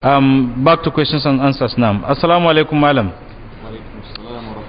Um, back to questions and answers now. Assalamu alaikum, Malam.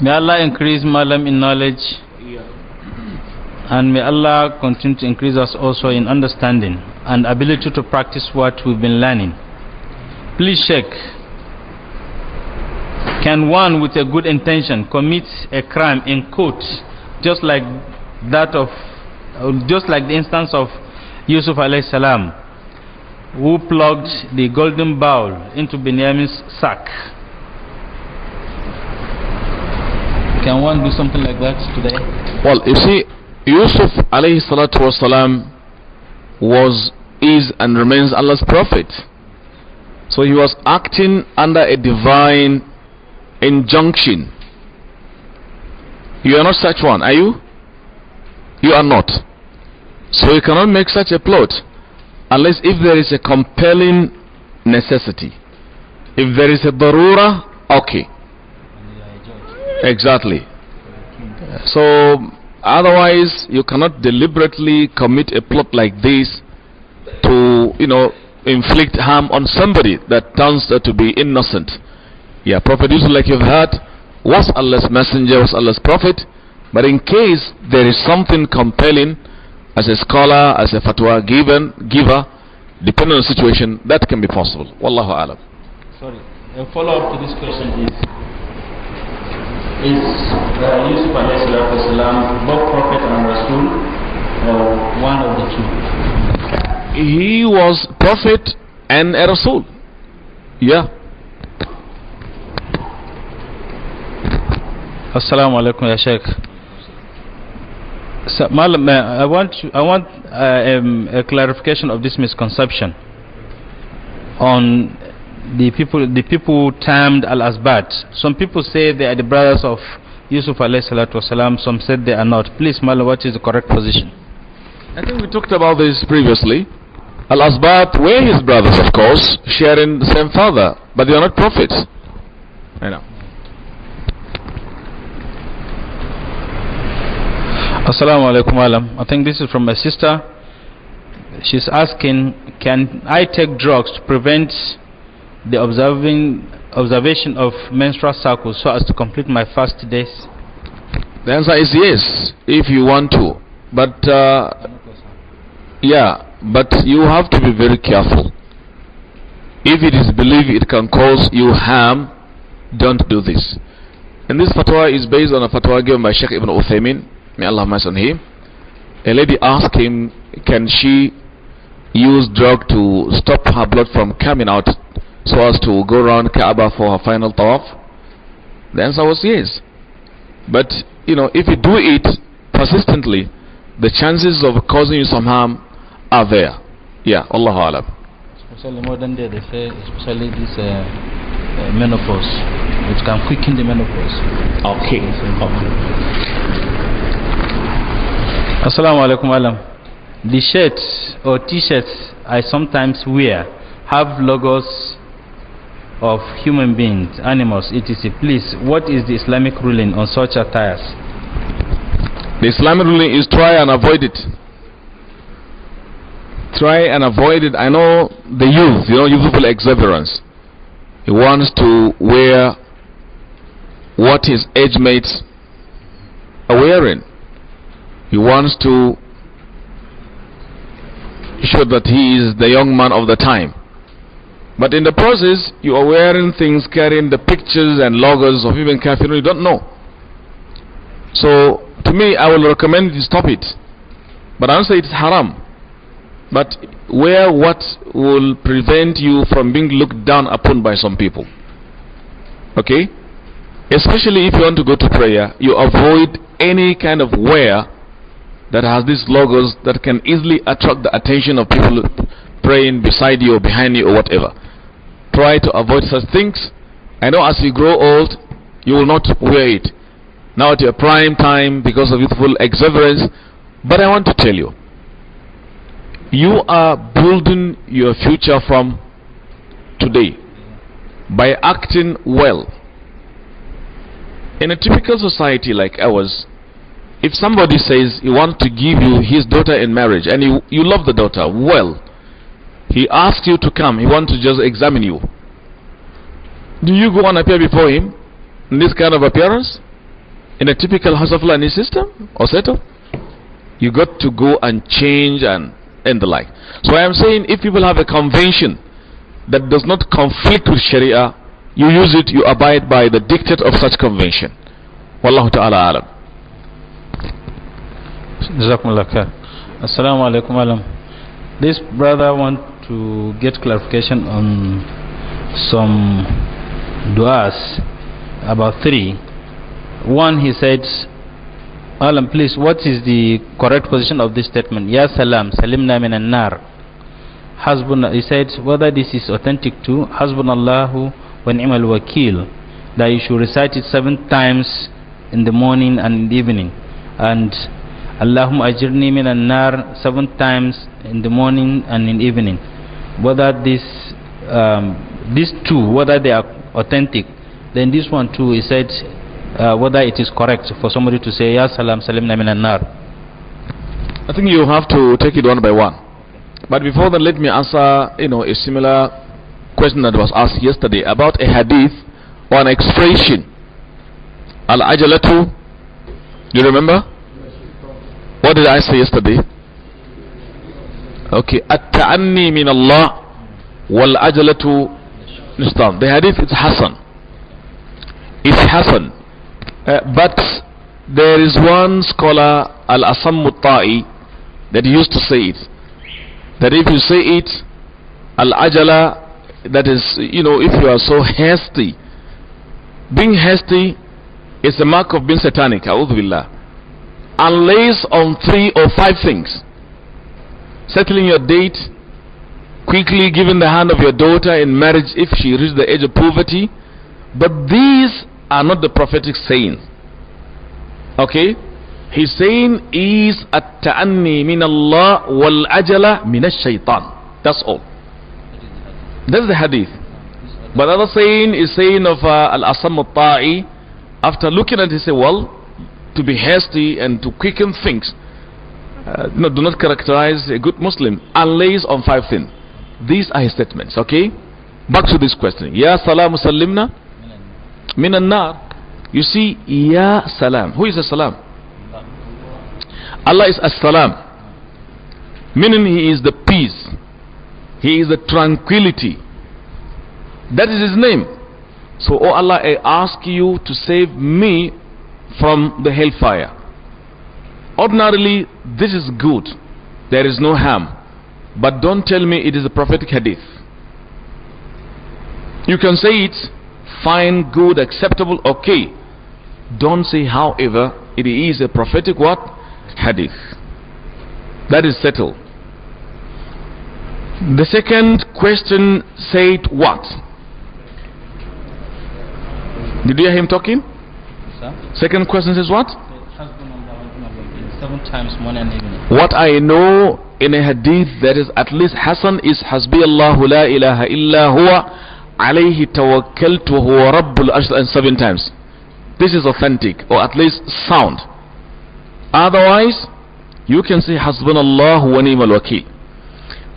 May Allah increase Malam in knowledge. And may Allah continue to increase us also in understanding and ability to practice what we've been learning. Please check. Can one with a good intention commit a crime in court just like that of uh, just like the instance of Yusuf alayhi salam who plugged the golden bowl into Benjamin's sack. Can one do something like that today? Well, you see, Yusuf alayhi salatu wasalam was, is, and remains Allah's prophet. So he was acting under a divine injunction. You are not such one, are you? You are not. So you cannot make such a plot unless if there is a compelling necessity. If there is a darura, okay. Exactly. So otherwise you cannot deliberately commit a plot like this to, you know, inflict harm on somebody that turns out to be innocent. Yeah, Prophet Yusuf, like you've heard, was Allah's messenger, was Allah's prophet. But in case there is something compelling, as a scholar, as a fatwa given, giver, depending on the situation, that can be possible. Wallahu alam. Sorry, a follow up to this question is Is uh, Yusuf alayhi both prophet and Rasul or one of the two? He was prophet and a Rasul. Yeah. Assalamu alaikum, Ya Sheikh. So, Malam, uh, I want, you, I want uh, um, a clarification of this misconception on the people, the people termed Al Azbat. Some people say they are the brothers of Yusuf alayhi salatu wasalam, some said they are not. Please, Malam, what is the correct position? I think we talked about this previously. Al Asbat were his brothers, of course, sharing the same father, but they are not prophets. I know. Assalamu alaikum alam. I think this is from my sister. She's asking, can I take drugs to prevent the observing observation of menstrual cycles so as to complete my fast days? The answer is yes, if you want to. But uh, yeah, but you have to be very careful. If it is believed it can cause you harm, don't do this. And this fatwa is based on a fatwa given by Sheikh Ibn Uthaymeen May Allah have mercy on him. A lady asked him, can she use drug to stop her blood from coming out so as to go around Kaaba for her final tawaf? The answer was yes. But, you know, if you do it persistently, the chances of causing you some harm are there. Yeah, Allah Alam. Especially modern day, they say, especially this uh, uh, menopause, which can quicken the menopause. Okay. okay. Assalamu alaikum alam. The shirts or t-shirts I sometimes wear have logos of human beings, animals, etc. Please, what is the Islamic ruling on such attires? The Islamic ruling is try and avoid it. Try and avoid it. I know the youth, you know, youthful exuberance. He wants to wear what his age mates are wearing. He wants to show that he is the young man of the time. But in the process, you are wearing things carrying the pictures and logos of even kafirun you don't know. So, to me, I will recommend you stop it. But I don't say it's haram. But wear what will prevent you from being looked down upon by some people. Okay? Especially if you want to go to prayer, you avoid any kind of wear that has these logos that can easily attract the attention of people praying beside you or behind you or whatever. Try to avoid such things. I know as you grow old, you will not wear it. Now at your prime time because of youthful exuberance. But I want to tell you, you are building your future from today by acting well. In a typical society like ours, if somebody says he wants to give you his daughter in marriage and you, you love the daughter, well, he asks you to come, he wants to just examine you. Do you go and appear before him in this kind of appearance? In a typical house of learning system or setup? You got to go and change and, and the like. So I am saying if people have a convention that does not conflict with Sharia, you use it, you abide by the dictate of such convention. Wallahu ta'ala alam. Assalamu alaikum alam. This brother want to get clarification on some du'as, about three. One, he said, Alam, please, what is the correct position of this statement? Ya salam, salimna min an-nar. Hasbun, he said, whether this is authentic to Allahu wa ni'mal wakil, that you should recite it seven times in the morning and in the evening. And Allahumma ajirni min al nar seven times in the morning and in evening. Whether this, um, these two, whether they are authentic, then this one too is said uh, whether it is correct for somebody to say, Ya salam salimna min al nar I think you have to take it one by one. But before that, let me answer, you know, a similar question that was asked yesterday about a hadith or an expression. Al-ajalatu, do you remember? What did I say yesterday? Okay, at-ta'anni min Allah wal ajlatu nishtan. The hadith is Hassan. It's Hassan. Uh, but there is one scholar, Al-Asam Mutta'i, that used to say it. That if you say it, Al-ajala, that is, you know, if you are so hasty, being hasty is a mark of being satanic. A'udhu billah and lays on three or five things settling your date, quickly giving the hand of your daughter in marriage if she reaches the age of poverty. But these are not the prophetic sayings. Okay? His saying is at-ta'anni min Allah wal ajala min shaytan That's all. That's the hadith. But other saying is saying of uh, al-asam al-ta'i. After looking at it, he said, well, to be hasty and to quicken things uh, no, do not characterize a good Muslim unless on five things. These are his statements, okay? Back to this question. Ya salam salimna minan nar. You see, Ya salam. Who is a salam? Allah is a salam. Meaning he is the peace. He is the tranquility. That is his name. So, O oh Allah, I ask you to save me from the hellfire. Ordinarily, this is good. There is no harm. But don't tell me it is a prophetic hadith. You can say it, fine, good, acceptable, okay. Don't say, however, it is a prophetic what? Hadith. That is settled. The second question said what? Did you hear him talking? Second question is what? Seven times morning and evening. What I know in a hadith that is at least Hassan is Hasbi Allahu la ilaha illa huwa alayhi tawakkaltu huwa rabbul arsh and seven times. This is authentic or at least sound. Otherwise, you can say Hasbunallahu wa ni'mal wakil.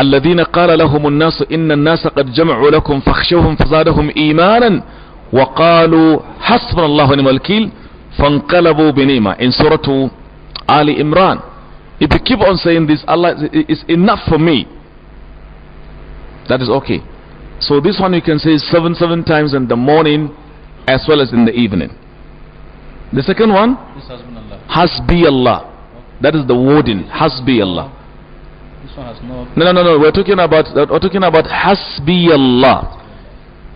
الذين قال لهم الناس إن الناس قد جمعوا لكم فاخشوهم فزادهم إيمانا وقالوا حسبنا الله ونعم الوكيل فَانْقَلَبُوا بِنِيمَةٍ in Surah Ali Imran. If you keep on saying this, Allah is enough for me. That is okay. So this one you can say seven, seven times in the morning as well as in the evening. The second one, Hasbi Allah. That is the wording, Hasbi Allah. No, no, no, no. We're talking about we're talking about Hasbi Allah.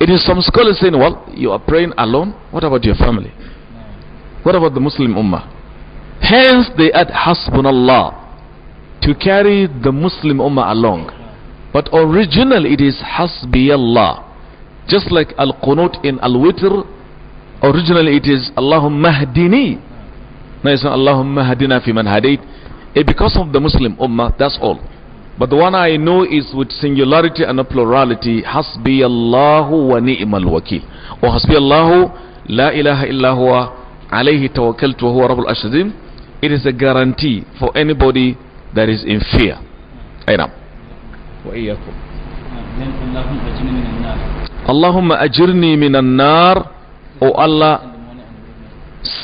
It is some scholars saying, well, you are praying alone. What about your family? What about the Muslim Ummah? Hence they add Hasbunallah to carry the Muslim Ummah along. But originally, it is Hasbiyallah. Just like Al-Qunut in Al-Witr, originally it is Allahumma hadini. Now it's not Allahumma hadina fi man hadid. Eh, because of the Muslim Ummah, that's all. But the one I know is with singularity and a plurality. Hasbi Allahu wa ni'mal wakil. Or Hasbi Allahu la ilaha illa alayhi tawakkaltu wa huwa rabbul it is a guarantee for anybody that is in fear أينام وإياكم ajirni min من nar O Allah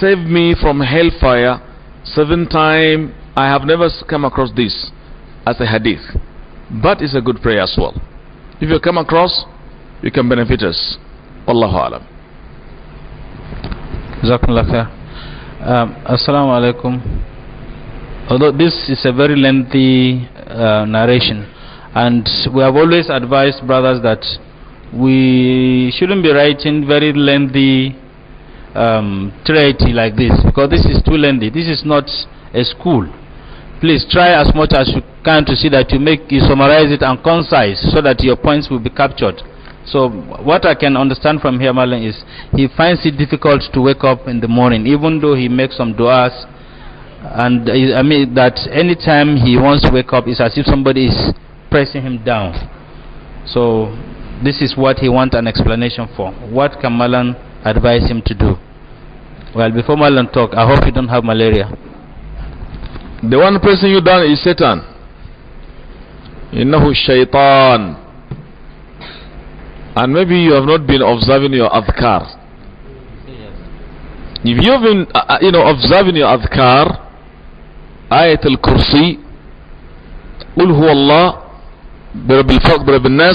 save me from hellfire seven times I have never come across this as a hadith but it's a good prayer as well if you come across you can benefit us Allahu Alam Jazakumullah khair. Um, Assalamu alaikum. Although this is a very lengthy uh, narration, and we have always advised brothers that we shouldn't be writing very lengthy um, treaty like this because this is too lengthy. This is not a school. Please try as much as you can to see that you make you summarize it and concise so that your points will be captured. So what I can understand from here, Malan, is he finds it difficult to wake up in the morning, even though he makes some du'as. And I mean that any time he wants to wake up, it's as if somebody is pressing him down. So this is what he wants an explanation for. What can Malan advise him to do? Well, before Malan talk, I hope you don't have malaria. The one pressing you down is Satan. إنه الشيطان and maybe you have not been observing your adhkar. If you've been, uh, uh, you know, observing your adhkar, ayat al-kursi, قل Allah, الله برب الفلق برب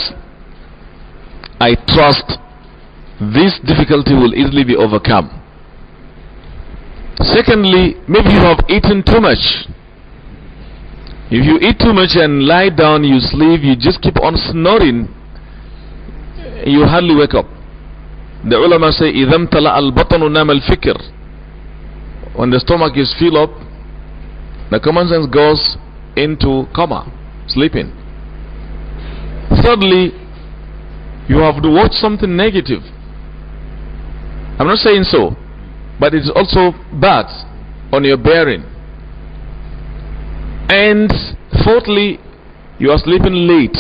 I trust this difficulty will easily be overcome. Secondly, maybe you have eaten too much. If you eat too much and lie down, you sleep, you just keep on snoring, you hardly wake up. The ulama say, إِذَمْ تَلَأَ الْبَطَنُ نَامَ الْفِكِرُ When the stomach is filled up, the common sense goes into coma, sleeping. Thirdly, you have to watch something negative. I'm not saying so, but it's also bad on your bearing. And fourthly, you are sleeping late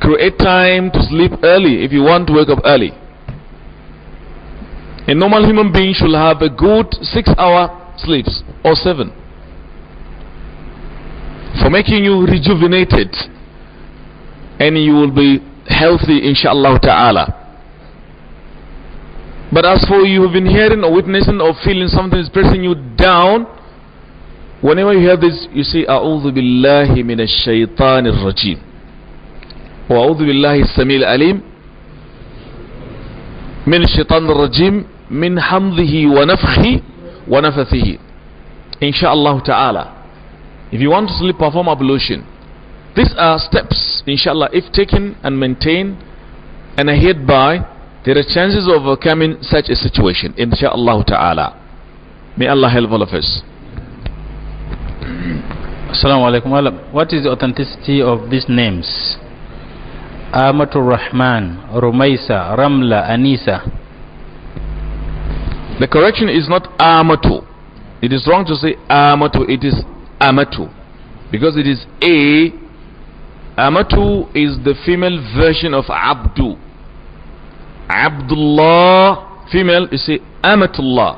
Create time to sleep early if you want to wake up early. A normal human being should have a good six hour sleeps or seven for making you rejuvenated and you will be healthy inshallah ta'ala. But as for you have been hearing or witnessing or feeling something is pressing you down, whenever you hear this, you say, A'udhu billahi minash shaitanir rajim. وأعوذ بالله السميع العليم من الشيطان الرجيم من حمضه ونفخه ونفثه inshallah ta'ala if you want to sleep perform ablution these are steps inshallah if taken and maintained and adhered by there are chances of overcoming such a situation inshallah ta'ala may Allah help all of us Assalamu alaikum what is the authenticity of these names Amatu Rahman, Rumaisa, Ramla, Anisa. The correction is not amatu. It is wrong to say amatu. It is amatu. Because it is a. Amatu is the female version of abdu. Abdullah, female, is say amatullah.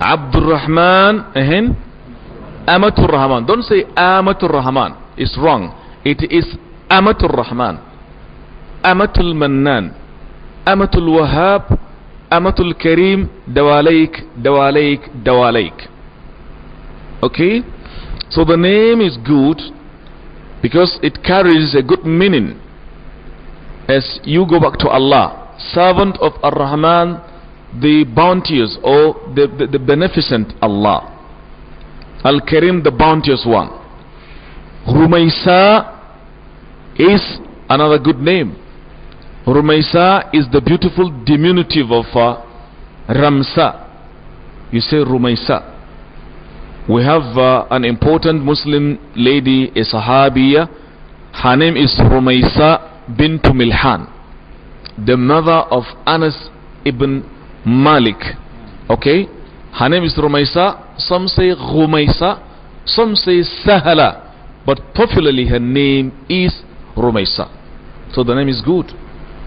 Abdul Rahman, ahin. Eh, Amatul Rahman. Don't say Amatu Rahman. It's wrong. It is Amatul Rahman, Amatul Mannan, Amatul الْوَهَابِ Amatul الْكَرِيمِ Dawalaik, Dawalaik, Dawalaik. Okay? So the name is good because it carries a good meaning as you go back to Allah, servant of Ar Rahman, the bounteous or the, the, the beneficent Allah, Al Karim, the bounteous one. Rumaysa is another good name. Rumaisa is the beautiful diminutive of uh, Ramsa. You say Rumaisa. We have uh, an important Muslim lady, a Sahabiya. Her name is Rumaisa bint Milhan, the mother of Anas ibn Malik. Okay? Her name is Rumaisa. Some say Rumaisa, some say Sahala. But popularly her name is Rumaysa. So the name is good.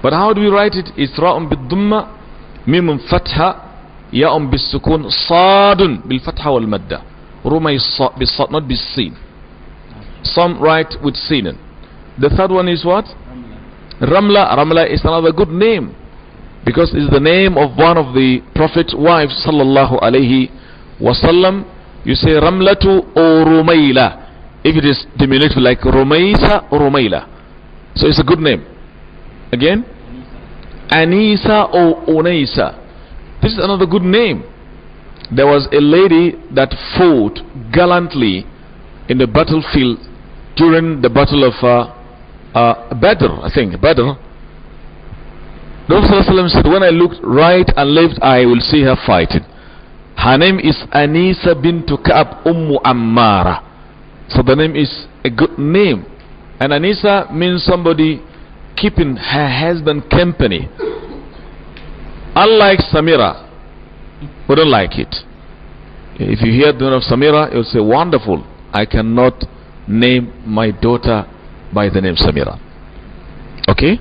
But how do we write it? It's Ra'um bid-Dumma, Mimun Fatha, Ya'un bis-Sukun, Sadun bil-Fatha wal-Madda. Rumaysa, bis-Sad, not bis-Sin. Some write with Sinan. The third one is what? Ramla. Ramla is another good name because it's the name of one of the Prophet's wives sallallahu alayhi wasallam. You say Ramlatu or Rumayla if it is diminutive like Rumaysa or Rumayla. So it's a good name. Again? Anisa or Onesa. This is another good name. There was a lady that fought gallantly in the battlefield during the battle of uh, uh, Badr, I think, Badr. Rasulullah said, when I look right and left, I will see her fighting. Her name is Anisa bint Ka'ab Ummu Ammara. So the name is a good name. And Anisa means somebody keeping her husband company. Unlike Samira, we don't like it. If you hear the name of Samira, you'll say, Wonderful, I cannot name my daughter by the name Samira. Okay?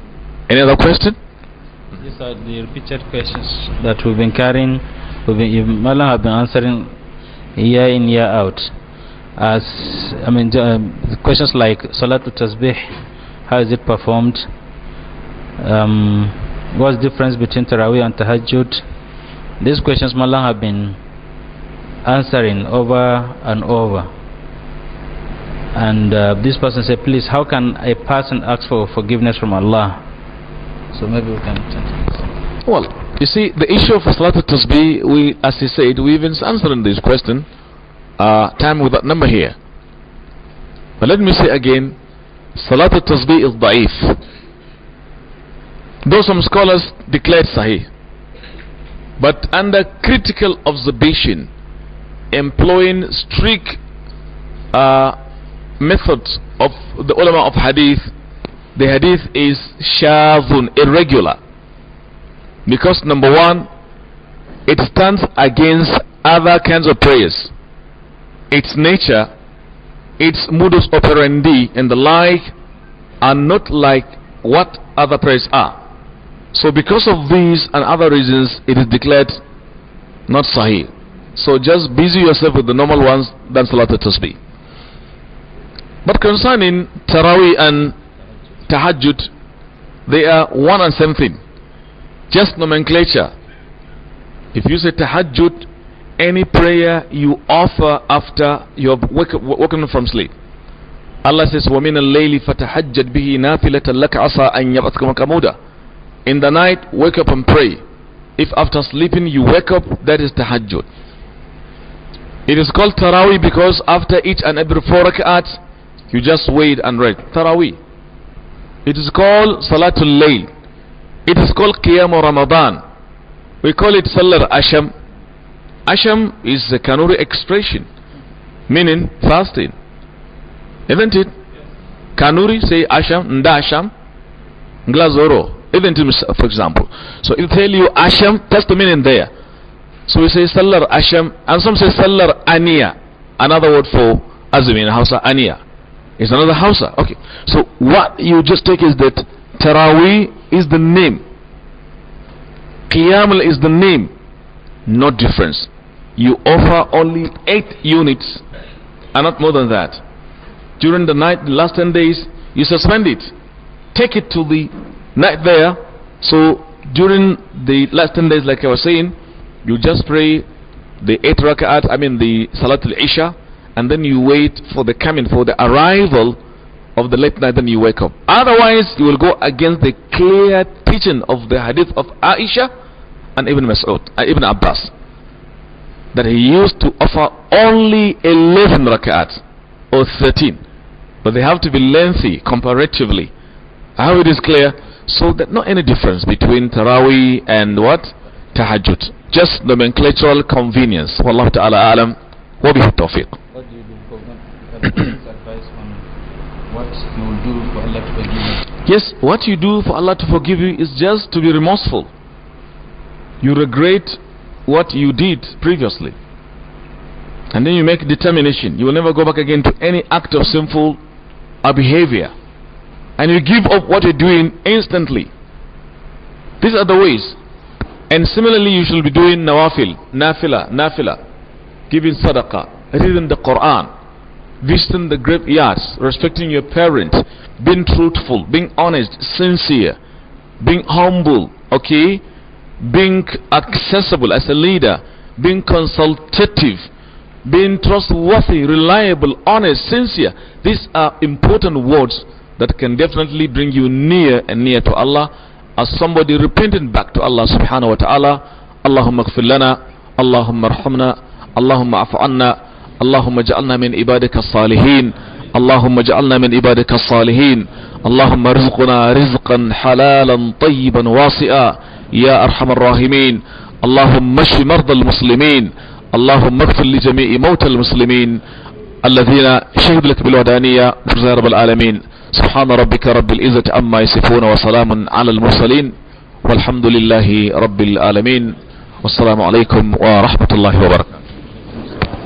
Any other question? These are the repeated questions that we've been carrying, we've been, Malam have been answering year in, year out as I mean um, questions like Salatul Tasbih how is it performed um, what's the difference between Tarawih and Tahajjud these questions Malan have been answering over and over and uh, this person said please how can a person ask for forgiveness from Allah so maybe we can well you see the issue of Salatul Tasbih we as he said we even answering this question uh, time with that number here. But let me say again, Salat al-Tasbih is da'if. Though some scholars declared Sahih, but under critical observation, employing strict uh, methods of the ulama of hadith, the hadith is shazun, irregular. Because number one, it stands against other kinds of prayers its nature, its modus operandi, and the like are not like what other prayers are. So, because of these and other reasons, it is declared not Sahih. So, just busy yourself with the normal ones than Salat al Tasbih. But concerning Taraweeh and Tahajjud, they are one and same thing. Just nomenclature. If you say Tahajjud, any prayer you offer after you have woken from sleep. Allah says, وَمِنَ اللَّيْلِ فَتَحَجَّدْ بِهِ نَافِلَةً لَكَ عَسَىٰ أَن يَبْعَثَكَ مَكَمُودًا In the night, wake up and pray. If after sleeping you wake up, that is tahajjud. It is called Taraweeh because after each and every four rak'at, you just wait and read. Taraweeh. It is called Salatul Layl. It is called Qiyam Ramadan. We call it Salar Asham. Asham is the Kanuri expression, meaning fasting. Isn't it? Kanuri say Asham, Nda Asham, Glazoro. Isn't it, for example? So it tell you Asham, that's the meaning there. So we say Salar Asham, and some say Salar Ania, another word for Azumi in Hausa, Ania. It's another Hausa. Okay. So what you just take is that Taraweeh is the name. Qiyamul is the name. No difference you offer only eight units and not more than that. During the night, the last 10 days, you suspend it. Take it to the night there. So during the last 10 days, like I was saying, you just pray the eight rak'at, I mean the Salatul Isha, and then you wait for the coming, for the arrival of the late night, then you wake up. Otherwise, you will go against the clear teaching of the hadith of Aisha and Ibn Mas'ud, uh, Ibn Abbas that he used to offer only 11 rak'at or 13 but they have to be lengthy comparatively I hope it is clear so that not any difference between Taraweeh and what tahajjud just nomenclatural convenience wallahu ta'ala alam wa bihi tawfiq what do you do what do to yes what you do for Allah to forgive you is just to be remorseful you regret what you did previously. And then you make determination. You will never go back again to any act of sinful behavior. And you give up what you're doing instantly. These are the ways. And similarly, you should be doing nawafil, nafila, nafila, giving sadaqah, reading the Quran, visiting the graveyards, respecting your parents, being truthful, being honest, sincere, being humble, okay? being accessible as a leader, being consultative, being trustworthy, reliable, honest, sincere. These are important words that can definitely bring you near and near to Allah as somebody repentant back to Allah subhanahu wa ta'ala. Allahumma gfir lana, Allahumma arhamna, Allahumma afu Allahumma ja'alna min ibadika salihin, Allahumma ja'alna min ibadika salihin, Allahumma rizquna rizqan halalan tayyiban wasi'a. يا أرحم الراحمين اللهم اشف مرضى المسلمين اللهم اغفر لجميع موتى المسلمين الذين شهدوا لك بالودانية يا رب العالمين سبحان ربك رب العزة عما يصفون وسلام على المرسلين والحمد لله رب العالمين والسلام عليكم ورحمة الله وبركاته